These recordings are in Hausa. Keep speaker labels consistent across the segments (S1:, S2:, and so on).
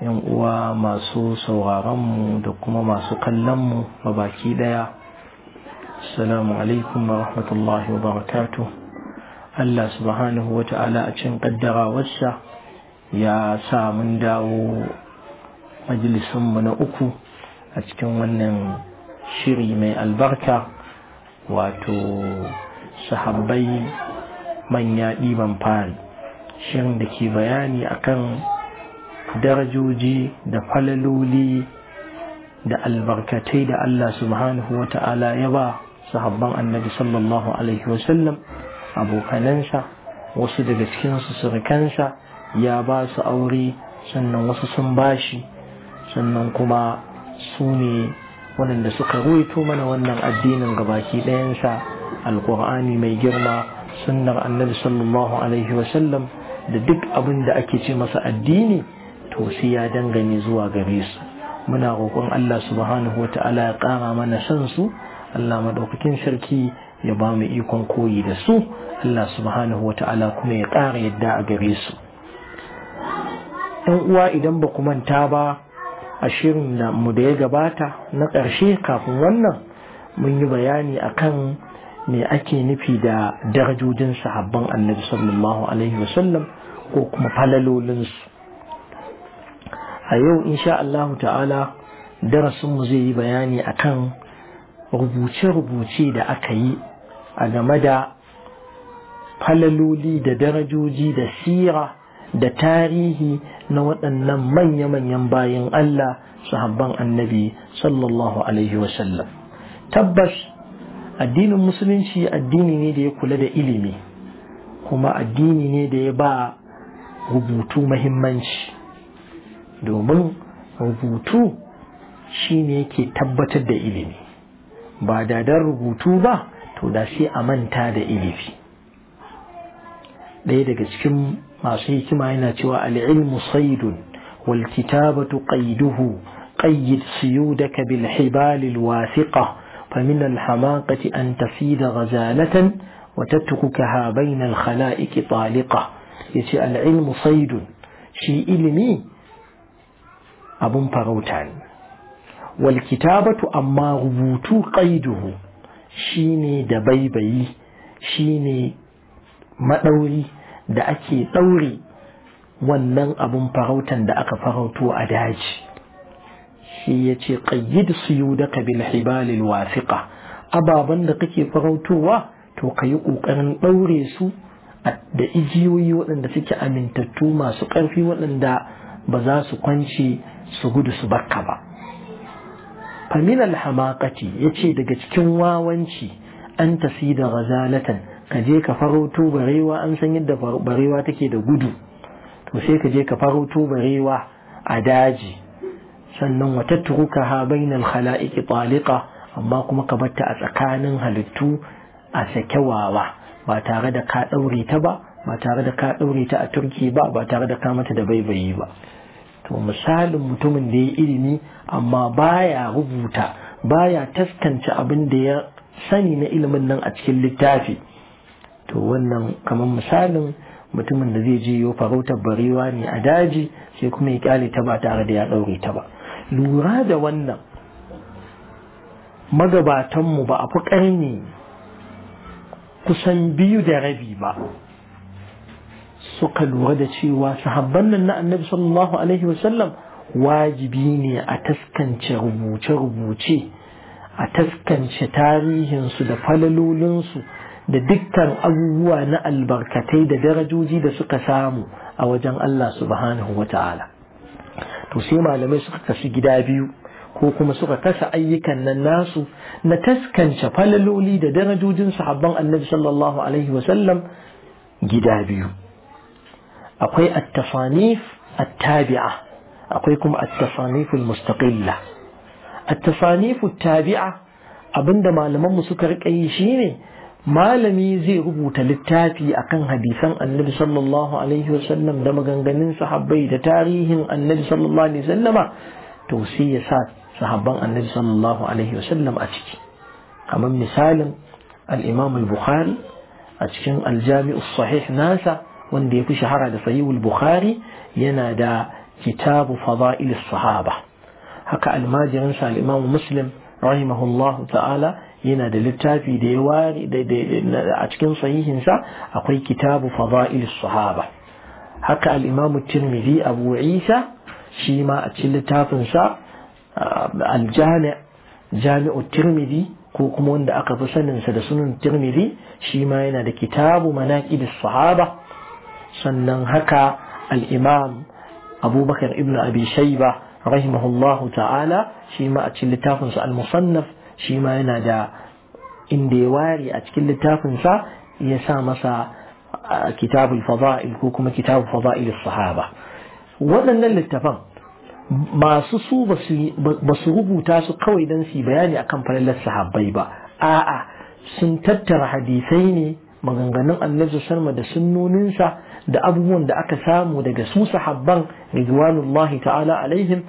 S1: yan uwa masu sauraronmu da kuma masu kallonmu a baki daya assalamu alaikum wa rahmatullahi wa barakatuh Allah subhanahu wa ta'ala a cin kaddarawarsa ya sa mun dawo majalisunmu na uku a cikin wannan shiri mai albarka wato sahabbai manya ɗiban fari shirin da ke bayani akan darajoji da falaloli da albarkatai da Allah subhanahu wa ta'ala ya ba sahabban annabi sallallahu alaihi wasallam abokanansa wasu daga cikinsu surukansa ya ba su aure sannan wasu sun bashi sannan kuma su ne waɗanda suka ruwaito mana wannan addinin gabaki ɗayansa alƙur'ani mai girma sunnar annabi sallallahu alaihi wasallam da duk abin da ake ce masa addini to sai ya dangane zuwa gare su muna roƙon Allah subhanahu wata'ala ya ƙara mana san su Allah madaukakin sarki ya ba mu ikon koyi da su Allah subhanahu wata'ala kuma ya ƙara yadda a gare su ɗan uwa idan ba ku manta ba a shirin da mu da ya gabata na ƙarshe kafin wannan mun yi bayani akan me ake nufi da darajojin sahabban annabi sallallahu alaihi wasallam ko kuma falalolinsu a yau insha Allah ta'ala darasin mu zai yi bayani akan rubuce-rubuce da aka yi a game da falaloli da darajoji da sira da tarihi na waɗannan manya-manyan bayan Allah su habban annabi sallallahu alaihi wasallam tabbas addinin musulunci addini ne da ya kula da ilimi kuma addini ne da ya ba rubutu muhimmanci domin rubutu shine yake tabbatar da ilimi ba da dan rubutu ba to da sai a manta da ilimi dai daga cikin masu hikima yana cewa al-ilmu saydun wal kitabatu qayduhu qayyid qaiduhu قيد سيودك بالحبال الواثقة فمن الحماقة أن تفيد غزالة وتتركها بين الخلائق طالقة يتي العلم صيد شي إلمي abun farauta ne wal kitabatu amma rubutu qaiduhu shine da baibayi shine madauri da ake daure wannan abun farautan da aka farauto a daji shi yace qayyid suyudaka bil hibal al wasiqa ababan da kake farautowa to kai kokarin daure su da igiyoyi waɗanda suke amintattu masu ƙarfi waɗanda ba za su kwance su gudu su barka ba famin alhamakati ya ce daga cikin wawanci an tasi da razalatan ka je ka farautu barewa an san yadda barewa take da gudu to sai ka je ka farautu barewa a daji sannan wata turuka ha bainal khala'iqi taliqa amma kuma ka batta a tsakanin halittu a sakewawa ba tare da ka ɗaure ta ba ba tare da ka ɗaure ta a turki ba ba tare da ka mata da baibayi ba to misalin mutumin da ya ilimi amma baya rubuta baya taskance abin da ya sani na ilimin nan a cikin littafi to wannan kamar misalin mutumin da zai je yau farautar barewa ne a daji sai kuma ya kyale ta ba tare da ya ɗaure ta ba lura da wannan magabatanmu ba a fi ƙarni kusan biyu da rabi ba suka lura da cewa sahabban nan na annabi sallallahu alaihi wasallam wajibi ne a taskance rubuce-rubuce a taskance tarihinsu da falalolinsu da dukkan abubuwa na albarkatai da darajoji da suka samu a wajen Allah subhanahu wa ta'ala to sai malamai suka kasu gida biyu ko kuma suka kasa ayyukan nan nasu na taskance falaloli da darajojin sahabban annabi sallallahu alaihi wasallam gida biyu أقوي التصانيف التابعة أقويكم التصانيف المستقلة التصانيف التابعة أبند ما لم نسكر أي شيء ما لم يزي ربوت للتافي أكن حديثا النبي صلى الله عليه وسلم دم غنغنين صحابي تاريخ النبي صلى الله عليه وسلم توسية سات صحابا النبي صلى الله عليه وسلم أتكي كما مثال الإمام البخاري أتكي الجامع الصحيح ناسا wanda ya fi shahara da sahihul bukhari yana da kitabu fada'il sahaba haka almajirin sa al-imamu muslim rahimahullahu ta'ala yana da littafi da ya ware a cikin sahihinsa akwai kitabu fada'il sahaba haka al-imamu tirmidhi abu isa shi ma a cikin littafinsa al-jami' jami'u tirmidhi ko kuma wanda aka fi saninsa da sunan tirmidhi shi ma yana da kitabu manaqib as-sahaba sannan haka al'imam abubakar ibn abi shaiba rahimahullahu ta'ala shi ma a cikin littafinsa al-musannaf shi ma yana da inda ya ware a cikin littafinsa ya sa masa kitabul fada'il ko kuma kitabul fada'il sahaba waɗannan littafan masu su ba su rubuta su kawai don su bayani akan falalar sahabbai ba a'a sun tattara hadisai ne maganganun annabi sallallahu salma da sunnoninsa da abubuwan da aka samu daga su sahabban Rizwanullahi ta'ala alaihim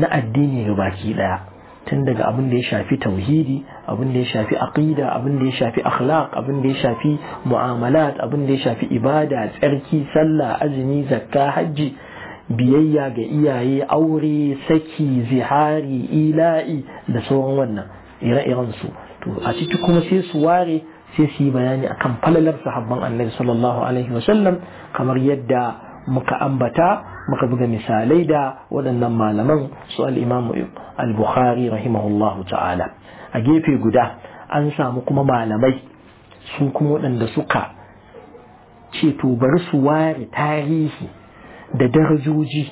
S1: na addini ga baki daya tun daga abin da ya shafi tauhidi abin da ya shafi aqida abin da ya shafi akhlaq abin da ya shafi mu'amalat abin da ya shafi ibada tsarki sallah azumi zakka hajji biyayya ga iyaye aure saki zihari ila'i da sauran wannan ire-iren su to a ciki kuma sai su ware sai su yi bayani akan falalar sahabban annabi sallallahu alaihi wasallam kamar yadda muka ambata muka buga misalai da waɗannan malaman su al-imam al-bukhari rahimahullahu ta'ala a gefe guda an samu kuma malamai su kuma waɗanda suka ce to bari su ware tarihi da darajoji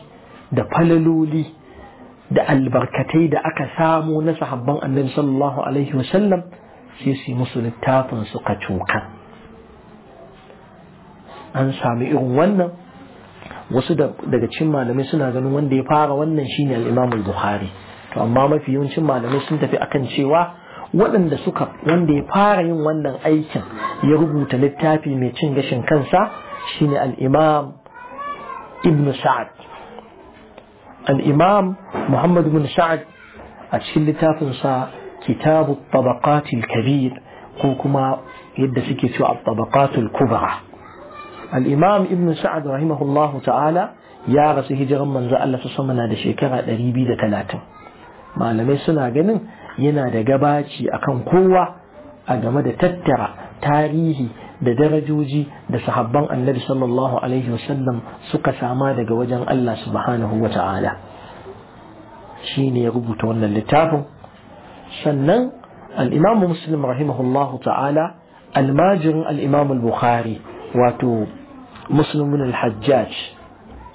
S1: da falaloli da albarkatai da aka samu na sahabban annabi sallallahu alaihi wasallam sai su yi musu littafin suka ka cokan an sami irin wannan wasu daga cin malamai suna ganin wanda ya fara wannan shine al-Imam al-Bukhari to amma mafi yawancin malamai sun tafi akan cewa waɗanda suka wanda ya fara yin wannan aikin ya rubuta littafi mai cin gashin kansa shine al-Imam Ibn Sa'ad al-Imam Muhammad ibn Sa'ad a cikin littafin sa. كتاب الطبقات الكبير قوكما يد سكتوا الطبقات الكبرى الإمام ابن سعد رحمه الله تعالى يا رسي هجر من ذا الله سصمنا دا شكرا دريبي دا ما لم يسنا جنن ينا دا أكن قوة أجمع تترى تاريخي دا درجوجي النبي صلى الله عليه وسلم سكا ساما دا الله سبحانه وتعالى شيني يغبو اللتابو sannan al'imamu muslim rahimahullahu ta'ala almajirin al'imamu al-bukhari wato muslimin al-hajjaj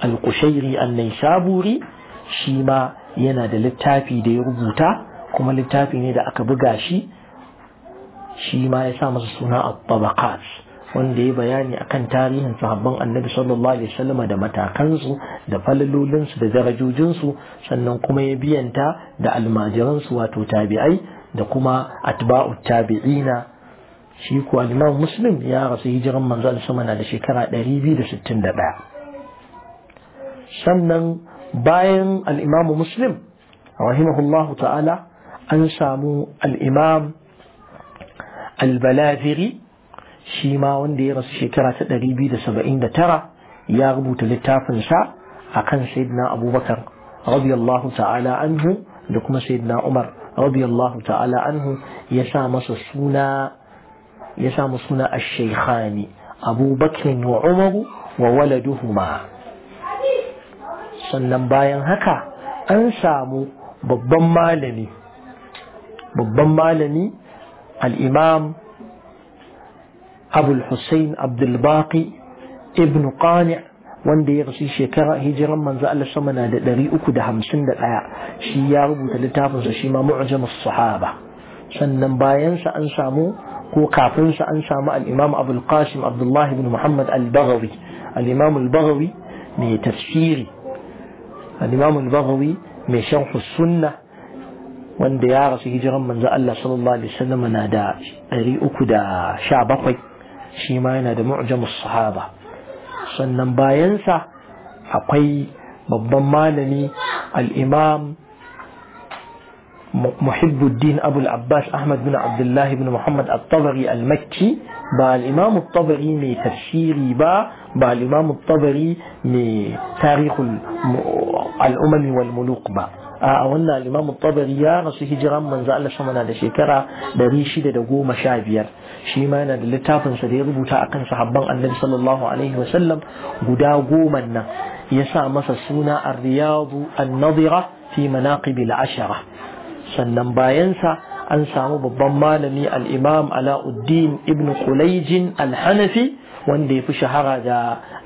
S1: al-kushairi al-naisaburi shi ma yana da littafi da ya rubuta kuma littafi ne da aka buga shi shi ma ya sa masa suna al-tabaqat wanda ya bayani akan tarihin sahabban annabi sallallahu alaihi wasallam da matakansu da falalolinsu da darajojinsu sannan kuma ya biyanta da almajiransu wato tabi'ai da kuma atba'u tabi'ina shi ko al-Imam Muslim ya rasu hijiran manzo sama na da shekara 261 sannan bayan al-Imam Muslim rahimahullahu ta'ala an samu al-Imam al-Balafiri shi ma wanda ya rasu shekara ta ɗari biyu da saba'in da tara ya rubuta littafinsa a kan sayyidina abubakar radiyallahu ta'ala anhu da kuma sayyidina umar radiyallahu ta'ala anhu ya sa masa suna ya sa masa suna ash-shaykhani abubakar wa umaru wa waladuhuma sannan bayan haka an samu babban malami babban malami al-imam أبو الحسين عبد الباقي ابن قانع wanda ya rasu shekara hijiran manzo Allah sama na da 351 shi ya rubuta littafinsa shi ma mu'jamus sahaba sannan bayansa an samu ko kafinsa an samu al-Imam Abdul Qasim Abdullah ibn Muhammad al-Baghawi al-Imam al-Baghawi mai tafsiri al-Imam al-Baghawi mai sharh sunna wanda ya rasu hijiran manzo Allah sallallahu alaihi wasallam na da 317 shi ma yana da mu'jamus sahaba sannan bayan sa akwai babban malami al-imam muhibbuddin abul abbas ahmad bin abdullah bin muhammad at-tabari al-makki ba al-imam at-tabari mai tafsiri ba ba al-imam at-tabari mai tarihul al-umami wal muluk ba a wannan al-Imam Tabari ya rasu hijiran manzo Allah sama na da shekara 615 shi ma yana da littafin sa da ya rubuta akan sahabban Annabi sallallahu alaihi wa sallam guda goma nan ya sa masa suna Ar-Riyadu An-Nadira fi Manaqib al-Ashara sannan bayan sa an samu babban malami al-Imam Alauddin Ibn Qulaij Al-Hanafi wanda ya fi shahara da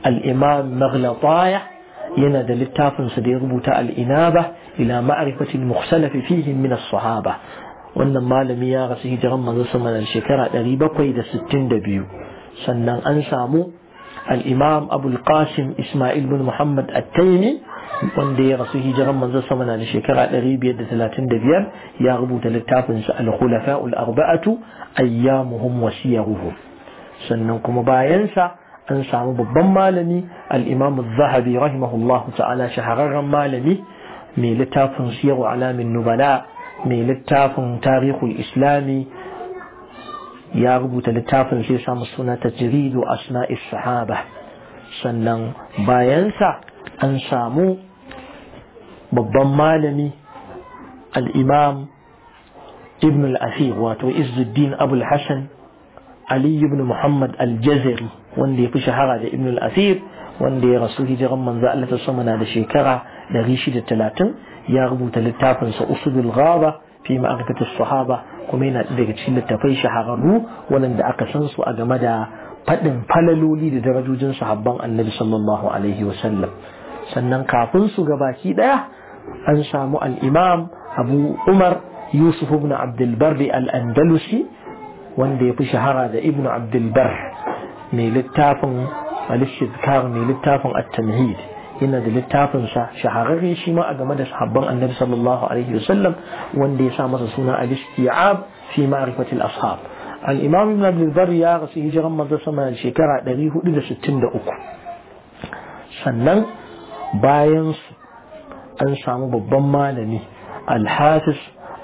S1: al-Imam Maghlatayah ينادى للتاف صديق بوتاء الإنابة إلى معرفة المختلف فيهم من الصحابة وأن ما لم يغسه جرم من الشكرة قريبا قيد الستين دبيو سنن أنسامو الإمام أبو القاسم إسماعيل بن محمد التيمي وأن يغسه جرم من ذسم من الشكرة قريبا قيد الثلاثين دبيا يغبو تلتاف الخلفاء الأربعة أيامهم وسيغهم سننكم باينسا an samu babban malami al-imam az-zahabi rahimahullah ta'ala shahararren malami mai littafin siyaru alamin nubala mai littafin tarihul islami ya rubuta littafin sai samu suna tajridu asma'is sahaba sannan bayansa an samu babban malami al-imam ibn al-asir wato izzuddin abul hasan ali ibn muhammad al-jazari wanda ya fi shahara da ibn al-asir wanda ya rasu hijiran manzo Allah ta sama na da shekara 630 ya rubuta littafin sa usulul ghaba fi ma'rifati as sahaba kuma yana daga cikin littafai shahararru wanda aka san su a game da fadin falaloli da darajojin sahabban annabi sallallahu alaihi wasallam sannan kafin su gabaki daya an samu al-imam abu umar yusuf ibn abdul barri al-andalusi wanda ya fi shahara da ibn abdul barri للتافن للشذكار للتافن التمهيد إن للتافن شحرقي شما أقمد صحبان النبي صلى الله عليه وسلم واندي سامس سنة الاشتعاب في معرفة الأصحاب عن ابن أبي الضر يا غسي هجر مرد سماء الشكرة إذا ستند أكو سنن باينس أنسى مببما لني الحاسس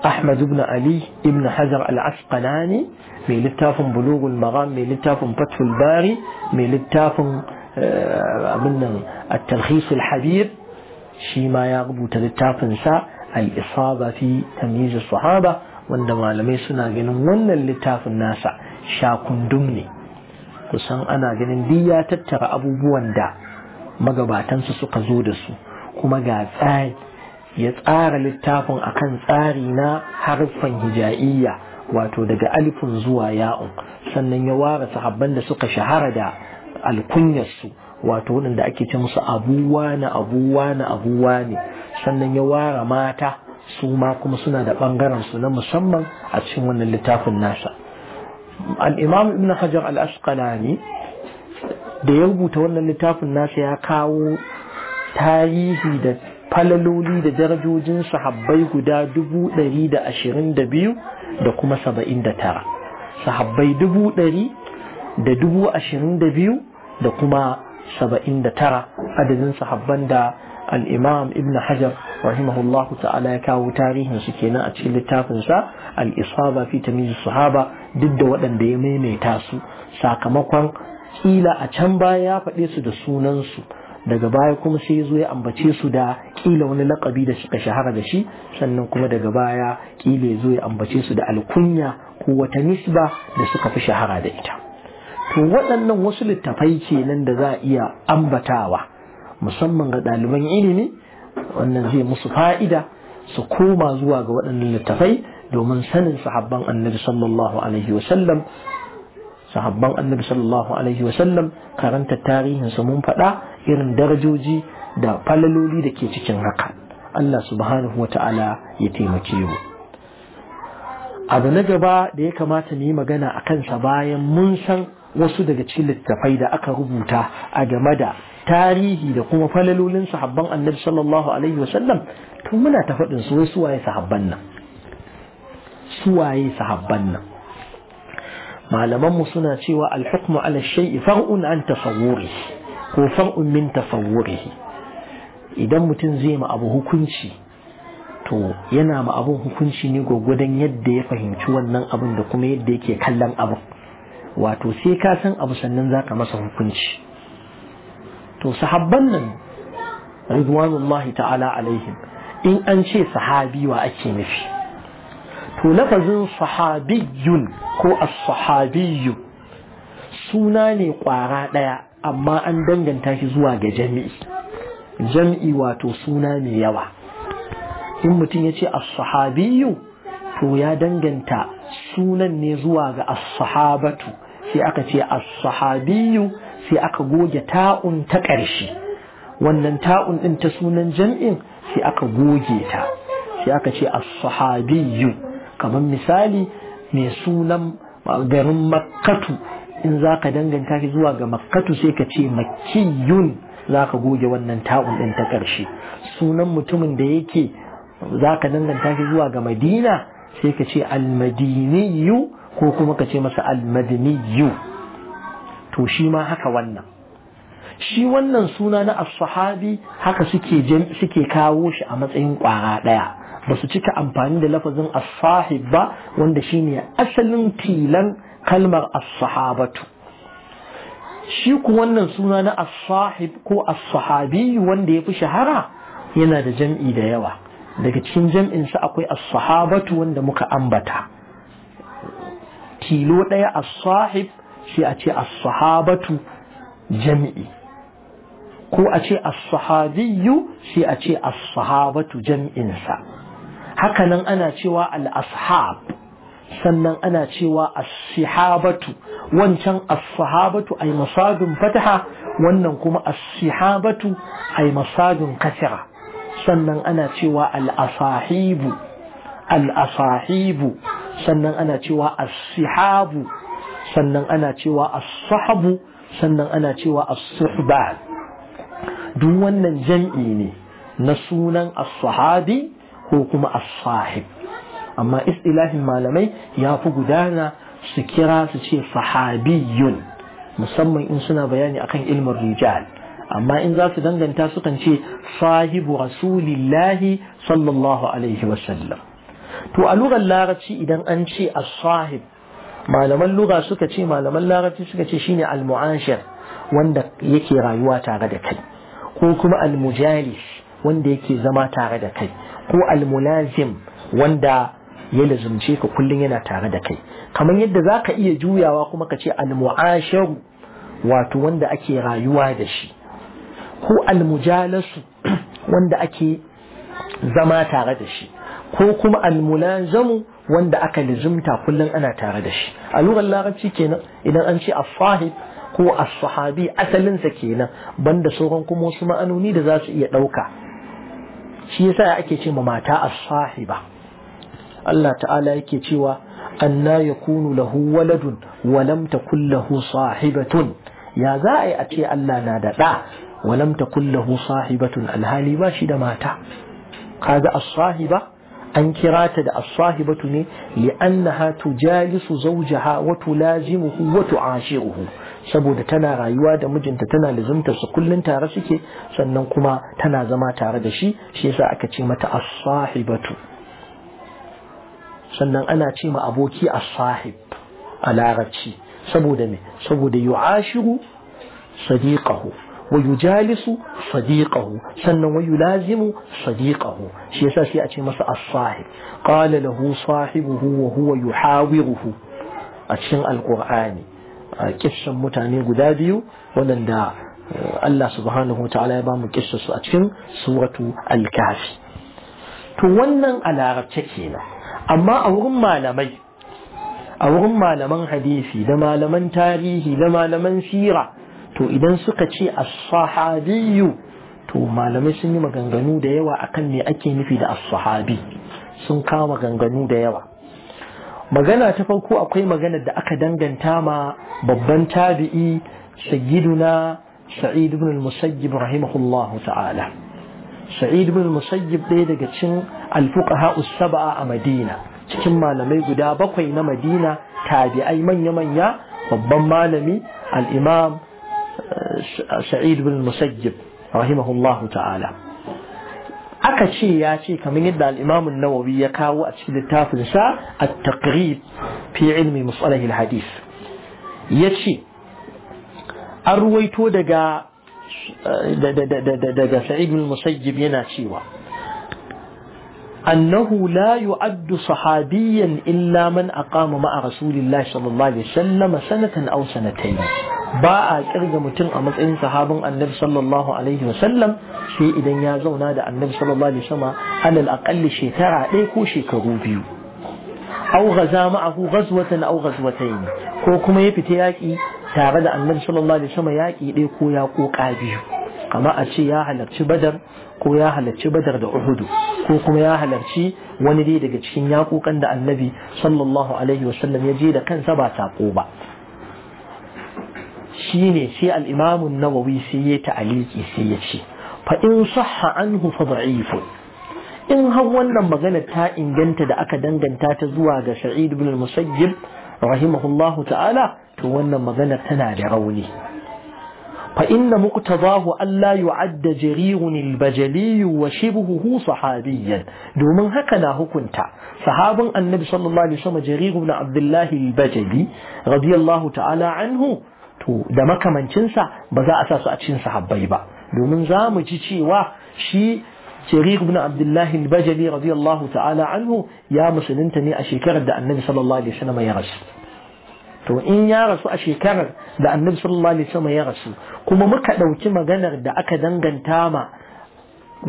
S1: أحمد بن علي ابن حجر العسقلاني ميلتافن بلوغ المغام ميلتافن فتح الباري ميلتافن آه، من التلخيص الحبيب شيما يغبو تلتافن سا الإصابة في تمييز الصحابة وندما لم يسنا جنون من اللتافن ناسا شاكن دمني kusan ana ganin duk ya tattara abubuwan da magabatansu suka zo da su kuma ga tsari ya tsara littafin akan tsari na harfan hija'iyya wato daga alifin zuwa ya'un sannan ya ware sahabban da suka shahara da alkunyarsu wato waɗanda ake ce musu abuwa na abuwa na abuwa ne sannan ya ware mata su ma kuma suna da ɓangaren su na musamman a cikin wannan littafin nasa al-imam ibn hajar al-asqalani da ya rubuta wannan littafin nasa ya kawo tarihi da falaloli da darajojin sahabbai guda dubu ɗari da ashirin da biyu da kuma saba'in da tara sahabbai dubu ɗari da dubu ashirin da biyu da kuma saba'in da tara adadin sahabban da al'imam ibn hajar rahimahullah ta'ala ya kawo tarihin su kenan a cikin littafinsa al'isaba fi tamizu sahaba duk da waɗanda ya maimaita su sakamakon kila a can baya ya faɗe su da sunansu daga baya kuma sai yazo ya ambace su da kila wani lakabi da suka shahara da shi sannan kuma daga baya kila yazo ya ambace su da alkunya ko wata nisba da suka fi shahara da ita to waɗannan wasu littafai kenan da za a iya ambatawa musamman ga ɗaliban ilimi wannan zai musu fa'ida su koma zuwa ga waɗannan littafai domin sanin sahabban annabi sallallahu alaihi wasallam sahabban annabi sallallahu alaihi wasallam karanta tarihinsu mun faɗa irin darajoji da falaloli da ke cikin haka Allah subhanahu wa ta'ala ya taimake mu abu na gaba da ya kamata mu yi magana a kansa bayan mun san wasu daga cikin littattafai da aka rubuta a game da tarihi da kuma falalolin sahabban annabi sallallahu alaihi wasallam tun muna ta faɗin su su waye sahabban nan suwaye sahabban nan malamanmu suna cewa alhukmu ala shay'i far'un an tasawwuri ko far'un min tasawwurihi idan mutum zai ma abu hukunci to yana ma abun hukunci ne gwagwadon yadda ya fahimci wannan abun da kuma yadda yake kallon abu wato sai ka san abu sannan za ka masa hukunci to sahabban nan rizwanullahi ta'ala alaihim in an ce sahabi wa ake nufi to lafazin sahabiyun ko as-sahabiyyu suna ne kwara daya amma an danganta shi zuwa ga jami'i jami'i wato suna mai yawa in mutum ya ce as sahabiyu, to ya danganta sunan ne zuwa ga as-sahabatu sai aka ce as sahabiyu sai aka goge ta'un ta ƙarshe wannan ta'un ɗin ta sunan jam'in sai aka goge ta sai aka ce as sahabiyu. kamar misali mai sunan garin makkatu in za ka danganta shi zuwa ga makkatu sai ka ce makiyun za ka goge wannan ta'un ɗin ta ƙarshe sunan mutumin da yake za ka danganta shi zuwa ga madina sai ka ce almadiniyu ko kuma ka ce masa almadiniyu to shi ma haka wannan shi wannan suna na as haka suke suke kawo shi a matsayin ƙwara ɗaya. ba su cika amfani da lafazin as ba wanda shine asalin tilan kalmar as-sahabatu shi ku wannan suna na as-sahib ko as-sahabi wanda ya fi shahara yana da jam'i da yawa daga cikin sa akwai as-sahabatu wanda muka ambata tilo ɗaya as-sahib shi a ce as-sahabatu jam'i ko a ce as-sahabiyyu shi a ce as-sahabatu jam'insa hakanan ana cewa al-ashab sannan ana cewa as-sihabatu wancan as-sahabatu ay masadun fataha wannan kuma as-sihabatu ay masadun kasira sannan ana cewa al-asahibu al-asahibu sannan ana cewa as-sihabu sannan ana cewa as-sahabu sannan ana cewa as-suhban duk wannan jam'i ne na sunan as-sahabi ko kuma as-sahib amma istilahin malamai ya fi gudana su kira su ce sahabiyun musamman in suna bayani akan ilmin rijal amma in za su danganta su kan ce sahibu rasulillahi sallallahu alaihi wasallam to a lugar larabci idan an ce as-sahib malaman lura suka ce malaman larabci suka ce shine al-mu'ashir wanda yake rayuwa tare da kai ko kuma al-mujalis wanda yake zama tare da kai ko al-mulazim wanda ya lazumce ka kullum yana tare da kai kamar yadda za ka iya juyawa kuma ka ce almu'asharu wato wanda ake rayuwa da shi ko almujalasu wanda ake zama tare da shi ko kuma almulazamu wanda aka lazumta kullum ana tare da shi a lugar larabci kenan idan an ce as-sahib ko as-sahabi asalinsa kenan banda sauran kuma wasu ma'anoni da za su iya ɗauka shi yasa ake ce ma mata as-sahiba Allah ta'ala yake cewa anna yakunu lahu waladun wa lam takul lahu sahibatun ya za a yi a ce Allah na da ɗa wa lam takul lahu sahibatun alhali ba shi da mata kaga as-sahiba an kira ta da as-sahibatu ne li'annaha tujalisu zawjaha wa tulazimuhu wa tu'ashiruhu saboda tana rayuwa da mijinta tana lizumta su kullun tare suke sannan kuma tana zama tare da shi shi yasa aka ce mata as-sahibatu sannan ana ce ma aboki as-sahib a larabci saboda me saboda yu'ashiru sadiqahu wa yujalisu sadiqahu sannan wa yulazimu sadiqahu shi yasa sai a ce masa as-sahib qala lahu sahibuhu wa huwa yuhawiruhu a cikin alqur'ani a kissan mutane guda biyu wanda Allah subhanahu wataala ya ba mu kissa su a cikin suratu al-kahfi to wannan a larabce kenan amma a wurin malamai a wurin malaman hadisi da malaman tarihi da malaman sira to idan suka ce as-sahabiyyu to malamai sun yi maganganu da yawa akan me ake nufi da as-sahabi sun kawo maganganu da yawa magana ta farko akwai magana da aka danganta ma babban tabi'i sayyiduna sa'id ibn al-musayyib rahimahullahu ta'ala sa'id bin musayyib ɗaya daga cikin alfuqaha usaba'a a madina cikin malamai guda bakwai na madina tabi'ai manya-manya babban malami al-imam sa'id bin musayyib rahimahullahu ta'ala aka ce ya ce kamar yadda al-imam an-nawawi ya kawo a cikin littafin sa at-taqrib fi ilmi musalah al-hadith yace an ruwaito daga دا سعيد بن المسيب يناشيوا أنه لا يعد صحابيا إلا من أقام مع رسول الله صلى الله عليه وسلم سنة أو سنتين باء كرجة متن أمس إن صحاب النبي صلى الله عليه وسلم في إذن يا زونا دا النبي صلى الله عليه وسلم على الأقل شي ترى إيكو شي كروبيو أو غزا معه غزوة أو غزوتين كوكما يبتياكي tare da annabi sallallahu alaihi wasallam yaƙi ɗaya ko ya ƙoƙa biyu kama a ce ya halarci badar ko ya halarci badar da uhudu ko kuma ya halarci wani dai daga cikin yaƙoƙan da annabi sallallahu alaihi wasallam ya je da kansa ba saƙo ba shi ne sai al'imamun nawawi sai ya ta'aliki sai ya ce fa'in sahha anhu fa da'ifun in har wannan magana ta inganta da aka danganta ta zuwa ga sa'id ibn al-musayyib rahimahullahu ta'ala to wannan magana tana da rauni fa inna muqtadahu alla yu'adda jarirun al-bajali wa shibuhu sahabiyyan domin haka na hukunta sahabin annabi sallallahu alaihi wasallam jarir ibn abdullah al-bajali radiyallahu ta'ala anhu to da makamancin sa ba za a sa su a cikin sahabbai ba domin za mu ji cewa shi jarir ibn abdullah al-bajali radiyallahu ta'ala anhu ya musulunta ne a shekarar da annabi sallallahu alaihi wasallam ya rasu to in ya rasu a shekarar da annabi sallallahu alaihi wasallam ya rasu kuma muka ɗauki maganar da aka danganta ma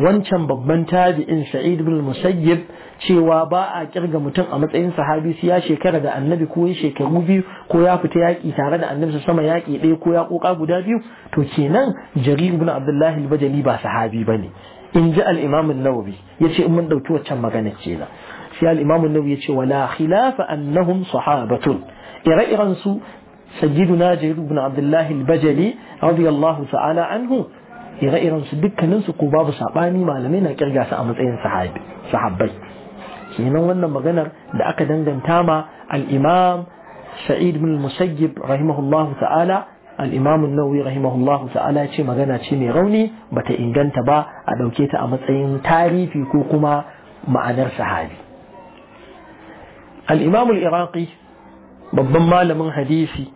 S1: wancan babban tabi'in sa'id bin musayyib cewa ba a kirga mutum a matsayin sahabi sai ya shekara da annabi ko ya shekaru biyu ko ya fita yaƙi tare da annabi sama yaƙi ɗaya ko ya koka guda biyu to kenan jarir bin abdullahi al-bajali ba sahabi bane in ji al-imam an-nawawi yace in mun dauki wancan maganar kenan sai al-imam an-nawawi yace wala khilafa annahum sahabatun Et iren su sayyiduna jarir ibn Abdullah al-bajali radiyallahu ta'ala anhu ire-iren su dukkanin su ko babu sabani malamai na kirga su a matsayin sahabi sahabbai kenan wannan maganar da aka danganta ma al-imam sa'id ibn al-musayyib rahimahullahu ta'ala al-imam an-nawawi rahimahullahu ta'ala ya ce magana ce mai rauni bata inganta ba a dauke ta a matsayin tarihi ko kuma ma'anar sahabi al-imam al-iraqi babban malamin hadisi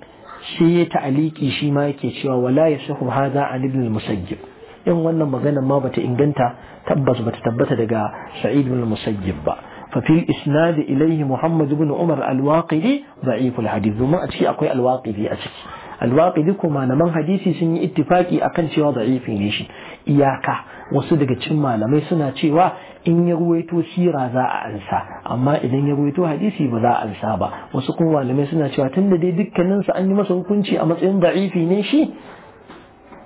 S1: shi ya ta'aliki shi ma yake cewa wala yasihu hadha an ibn al-musayyib in wannan magana ma bata inganta tabbas bata tabbata daga sa'id ibn al-musayyib ba fa fil isnad ilayhi muhammad ibn umar al-waqidi da'if al-hadith kuma a ciki akwai al-waqidi a ciki al-waqidi kuma na man hadisi sun yi ittifaki akan cewa da'ifi ne shi iyaka wasu daga cin malamai suna cewa in ya ruwaito sira za a ansa amma idan ya ruwaito hadisi ba za a ansa ba wasu kuma malamai suna cewa tun da dai su an yi masa hukunci a matsayin da'ifi ne shi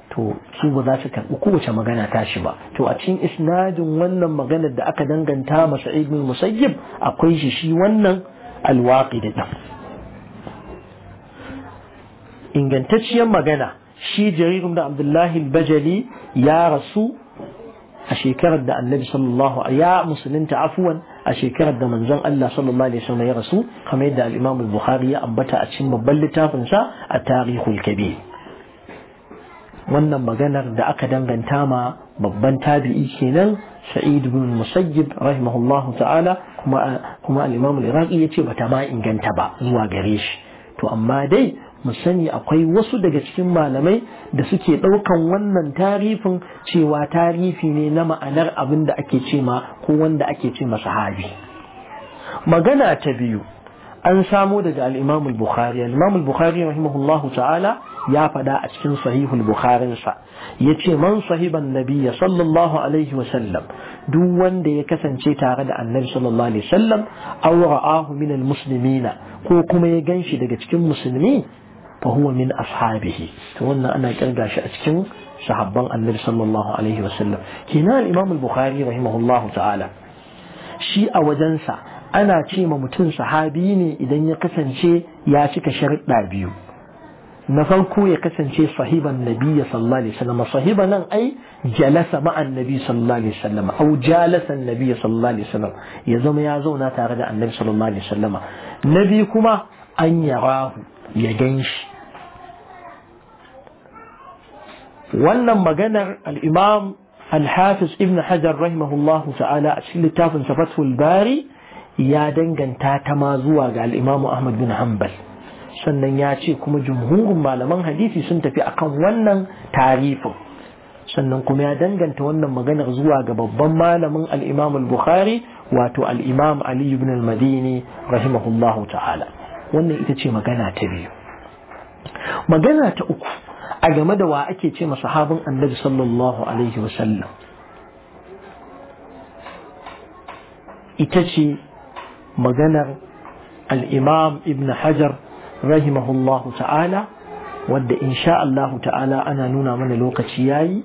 S1: to su ba za su karɓi kowace magana ta shi ba to a cikin isnadin wannan magana da aka danganta masa ibn musayyib akwai shi shi wannan alwaqi da ingantacciyar magana شي جرير بن عبد الله البجلي يا رسول أشيكر الد النبي صلى الله عليه وسلم يا مسلم عفوا أشيكر الد من زن الله صلى الله عليه وسلم يا رسول كما يدعى الإمام البخاري أبتا أتشم بلتا فنسا التاريخ الكبير wannan maganar da aka danganta ma babban tabi'i kenan sa'id ibn musayyib rahimahullahu ta'ala kuma kuma al-imam al-iraqi yace bata ma inganta ba zuwa gare mu sani akwai wasu daga cikin malamai da suke ɗaukan wannan tarifin cewa tarifi ne na ma'anar abin da ake ce ma ko wanda ake ce sahabi magana ta biyu an samo daga al-Imam al-Bukhari al bukhari rahimahullahu ta'ala ya faɗa a cikin sahihul Bukharin sa yace man sahiban nabiyya sallallahu alaihi wa duk wanda ya kasance tare da annabi sallallahu alaihi wa sallam aw ra'ahu min al-muslimina ko kuma ya ganshi daga cikin musulmi فهو من أصحابه تقولنا أنا جنجا شأتكم صحابا النبي صلى الله عليه وسلم هنا الإمام البخاري رحمه الله تعالى شيء وجنسة أنا شيء ممتن صحابيني إذا يقسن شيء ياسك شرق بابيو نفلكو يقسن شيء صحيب النبي صلى الله عليه وسلم صحيبا أي جلس مع النبي صلى الله عليه وسلم أو جالس النبي صلى الله عليه وسلم يزوم يازونا تارد النبي صلى الله عليه وسلم نبيكما أن يراه يجنش wannan maganar al-imam al-hafiz ibn hajar rahimahullahu ta'ala a cikin littafin safatul bari ya danganta ta ma zuwa ga al-imam ahmad bin hanbal sannan ya ce kuma jumhurin malaman hadisi sun tafi akan wannan tarifin sannan kuma ya danganta wannan maganar zuwa ga babban malamin al-imam al-bukhari wato al-imam ali ibn al-madini rahimahullahu ta'ala wannan ita ce magana ta biyu magana ta uku a game da wa ake ce ma sahabin annabi sallallahu alaihi wasallam ita ce maganar al'imam ibn hajar rahimahullahu ta'ala wadda insha Allahu ta'ala ana nuna mana lokaci yayi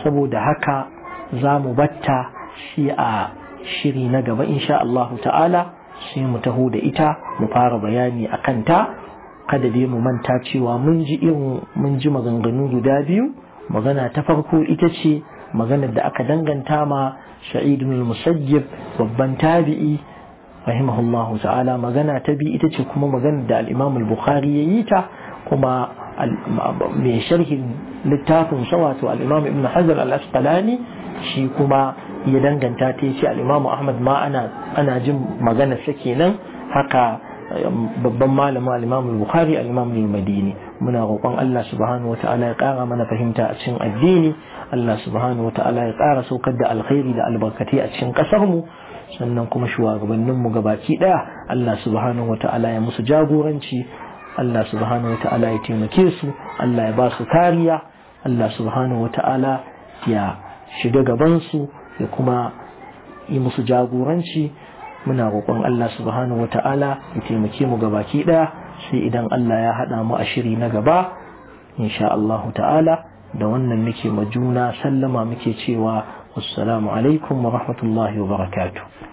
S1: saboda haka za mu batta shi a shiri na gaba insha Allahu ta'ala sai mu taho da ita mu fara bayani a kanta kada dai mu manta cewa mun ji irin mun ji maganganu guda biyu magana ta farko ita ce maganar da aka danganta ma sha'id ibn musajjib babban tabi'i rahimahullahu ta'ala magana ta bi ita ce kuma maganar da al-imam al-bukhari yayi ta kuma mai sharhi littafin sa wato al-imam ibn Hajar al-asqalani shi kuma ya danganta ta ce al-imam ahmad ma ana ana jin maganar sa kenan haka babban malama al-Imam al-Bukhari al-Imam al-Madini muna roƙon Allah subhanahu wata'ala ya ƙara mana fahimta a cikin addini Allah subhanahu wata'ala ya ƙara saukar da alkhairi da albarkati a cikin ƙasar mu sannan kuma shugabannin mu gabaki daya Allah subhanahu wata'ala ya musu jagoranci Allah subhanahu wata'ala ya taimake su Allah ya ba su kariya Allah subhanahu wata'ala ya shiga gaban su ya kuma yi musu jagoranci muna roƙon Allah subhanahu wata'ala ya taimake mu gabaki ɗaya sai idan Allah ya haɗa mu a shiri na gaba insha allahu ta'ala da wannan muke ma juna sallama muke cewa wassalamu alaikum wa rahmatullahi wa barakatuh